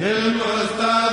lil musta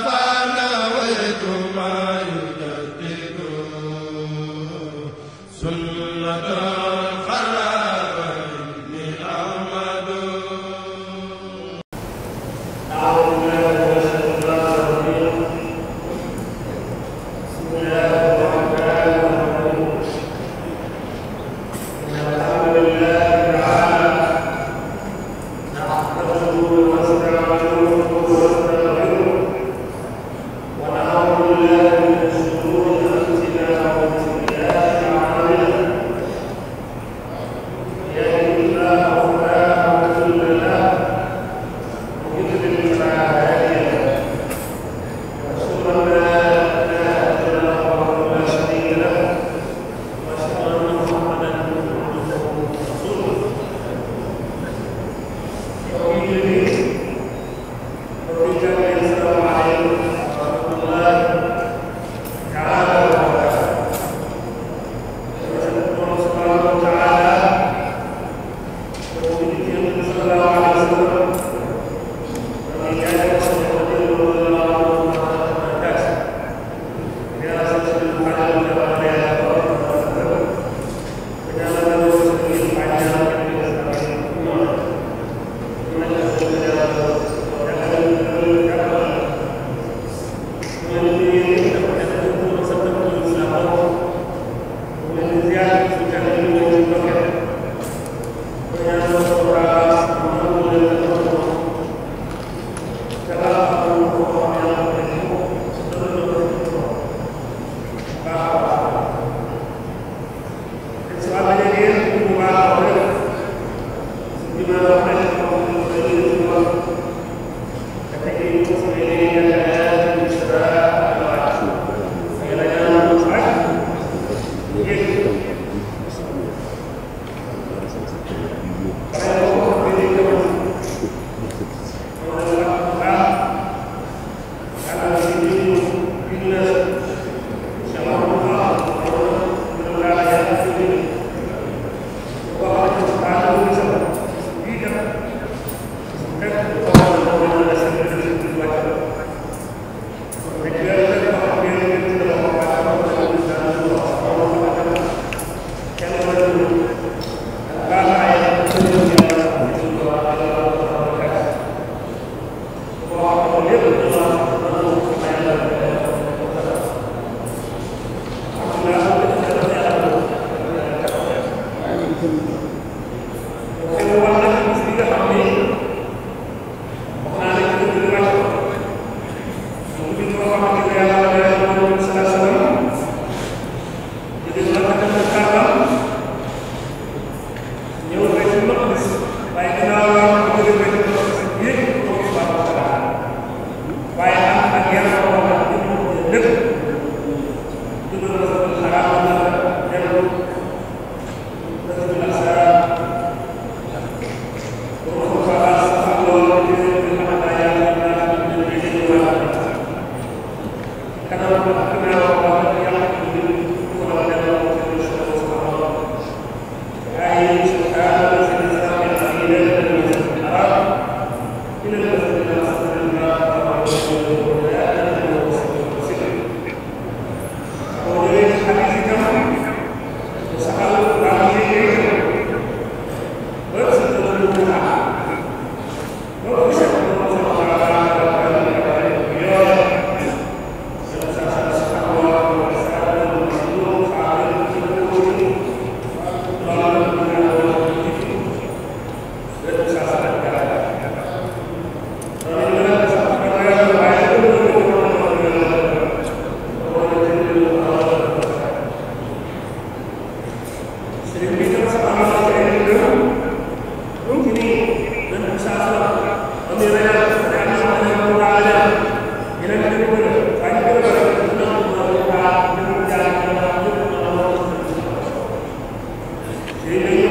Amen.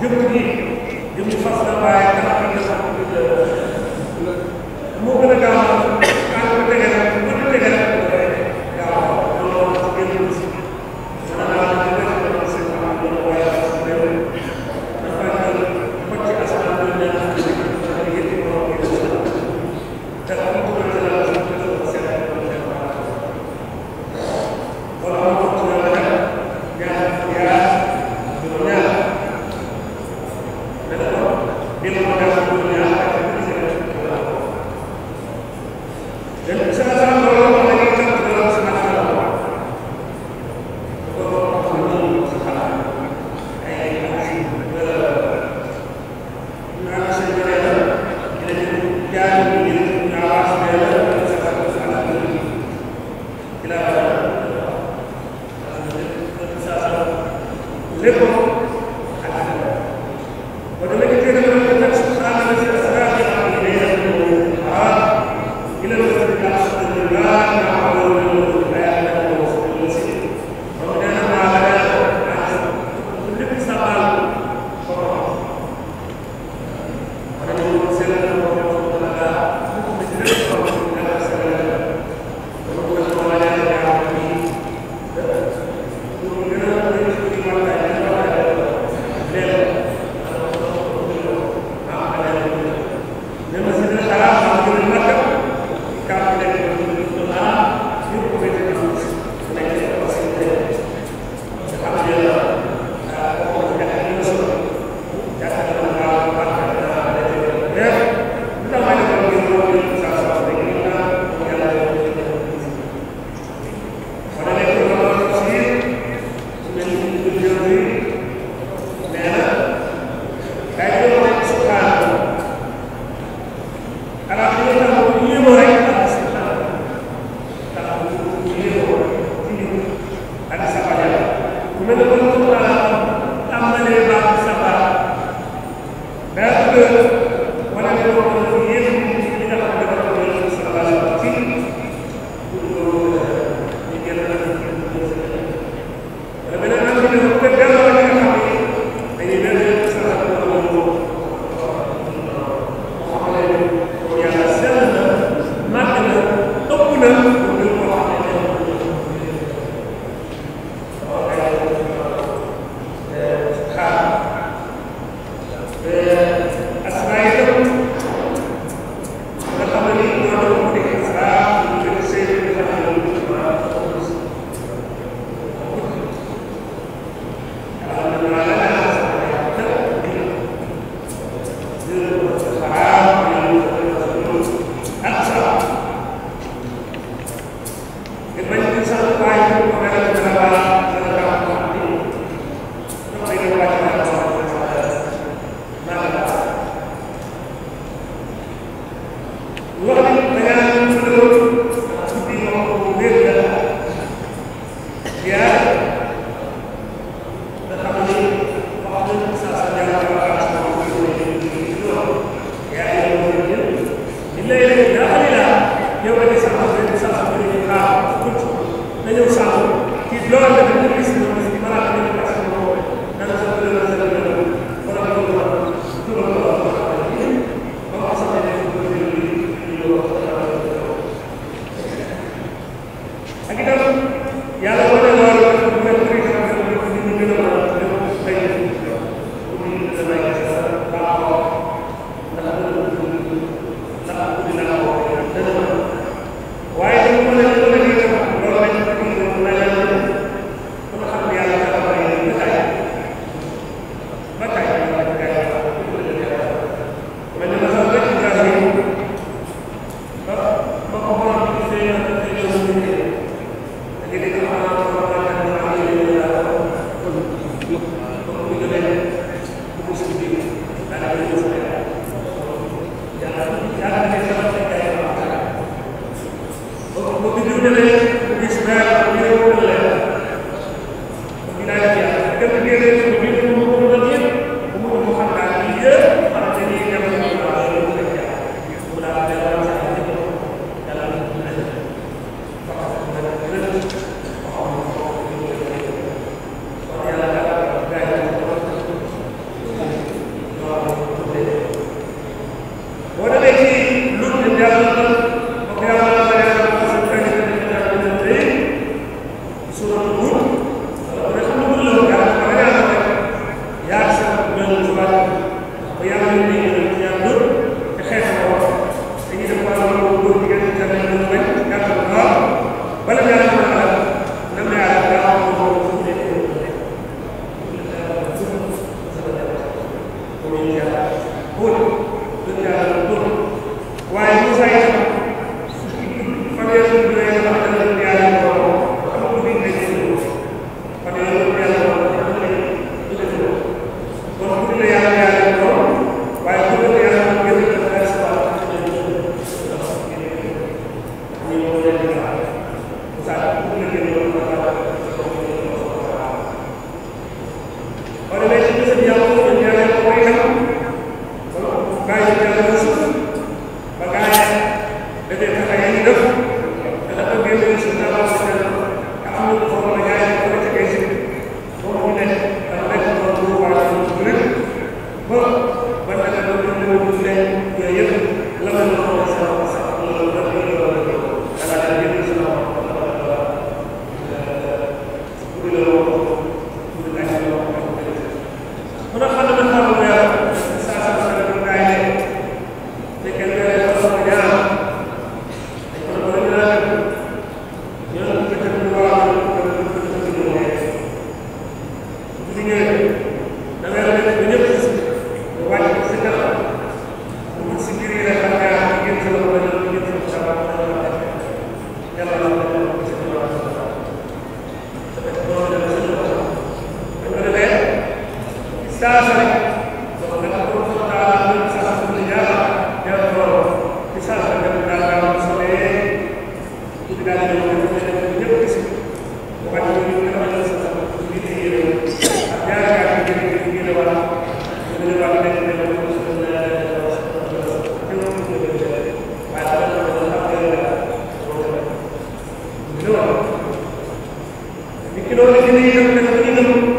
jëm gi jëm fas la waaye dana am na sax euh, moo gën a gaaw lépp Yeah. Gracias. Bueno. ki loolu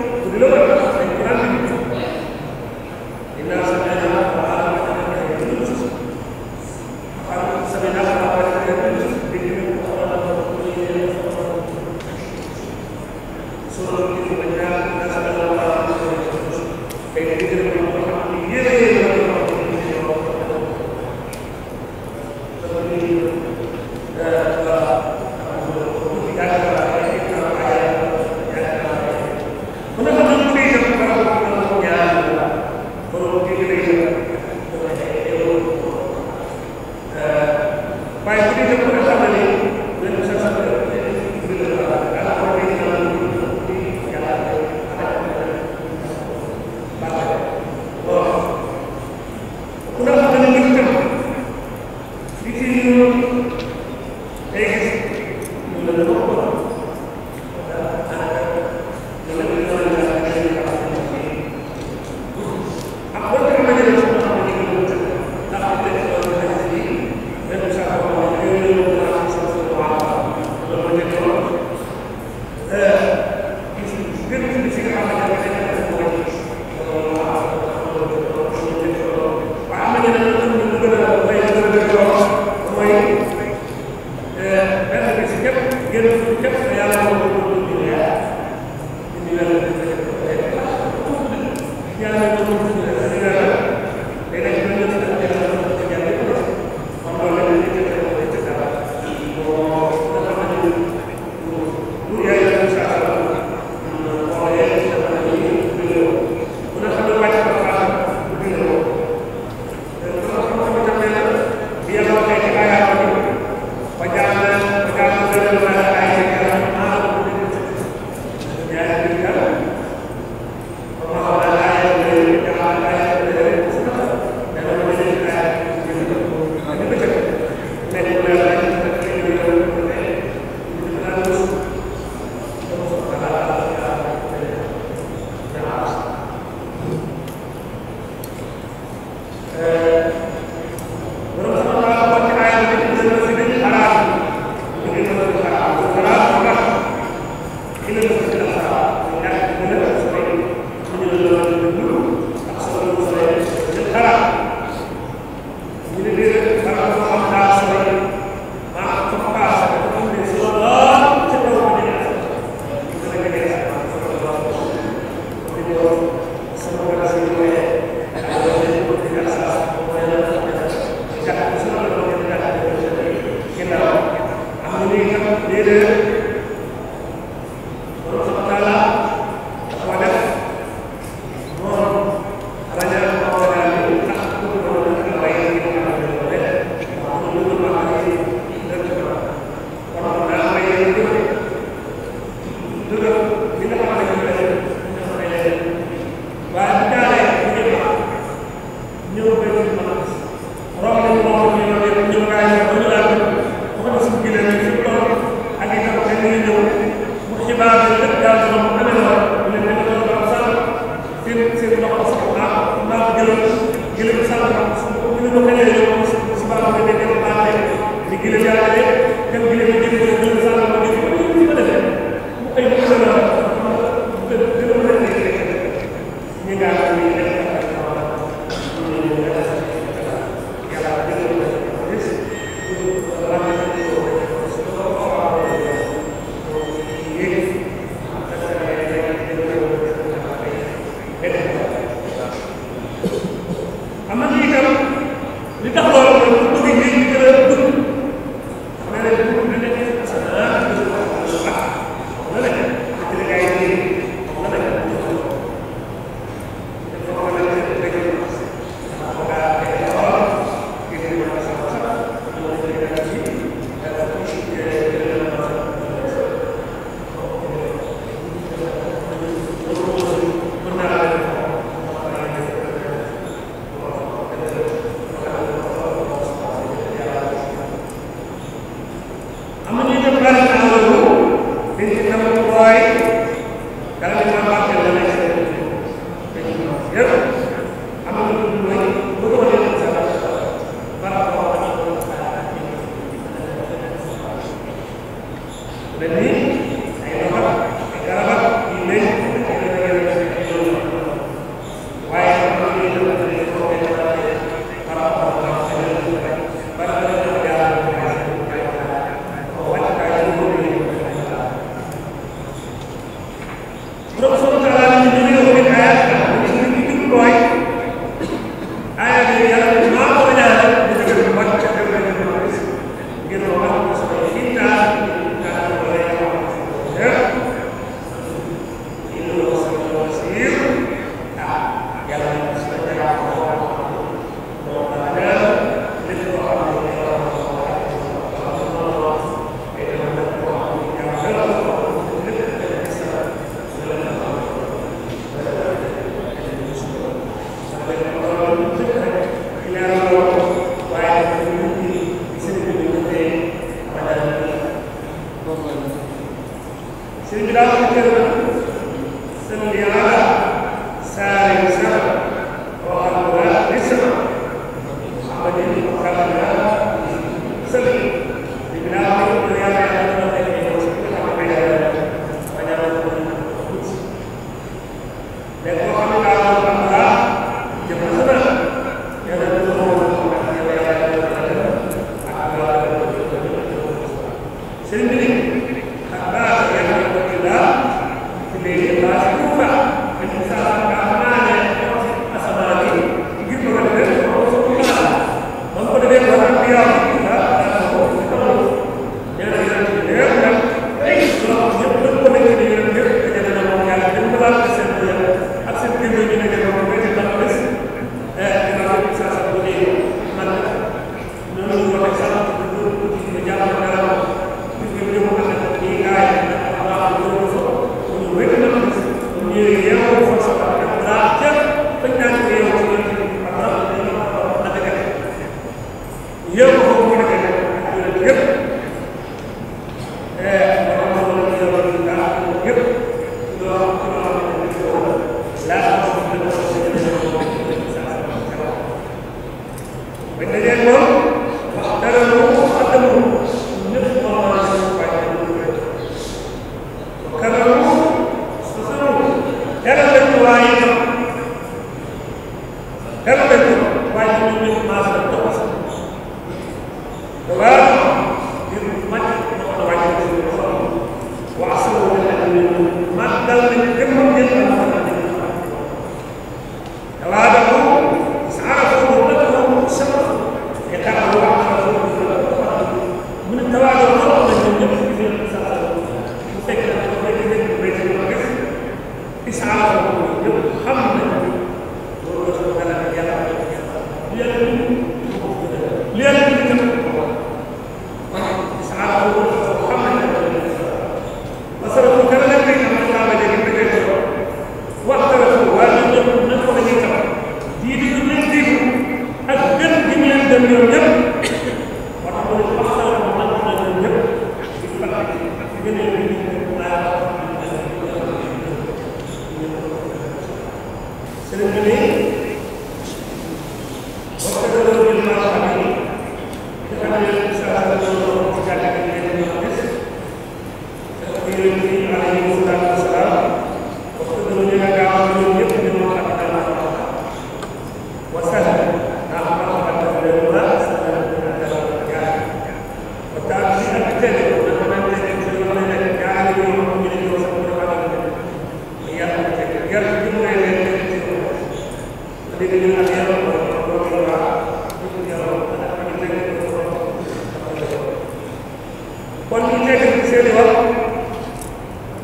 kon ñu nekk ci seen i wax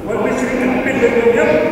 war na ci bind ñoom ñëpp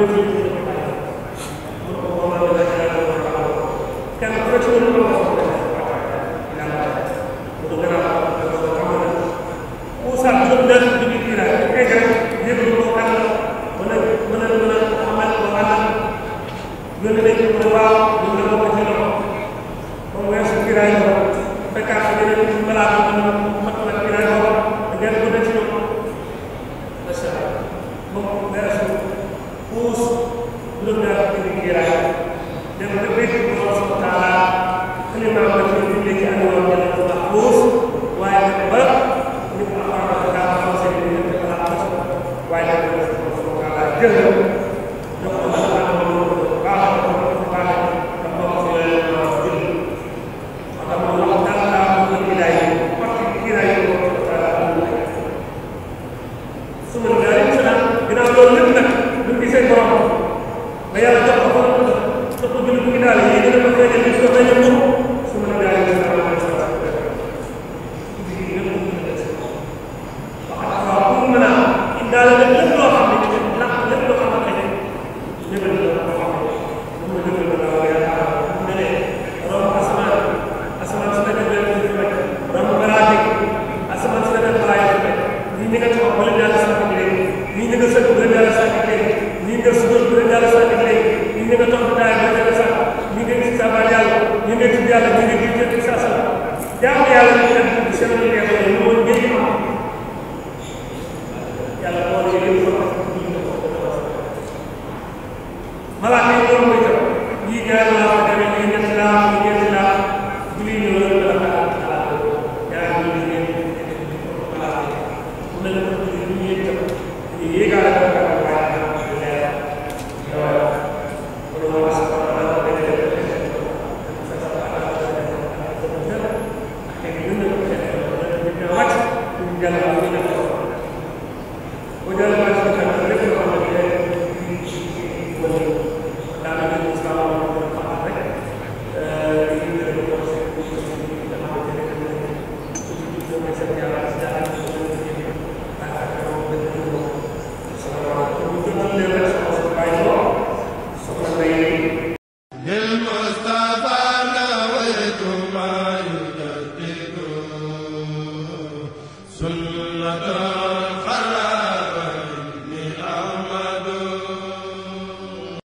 xam ne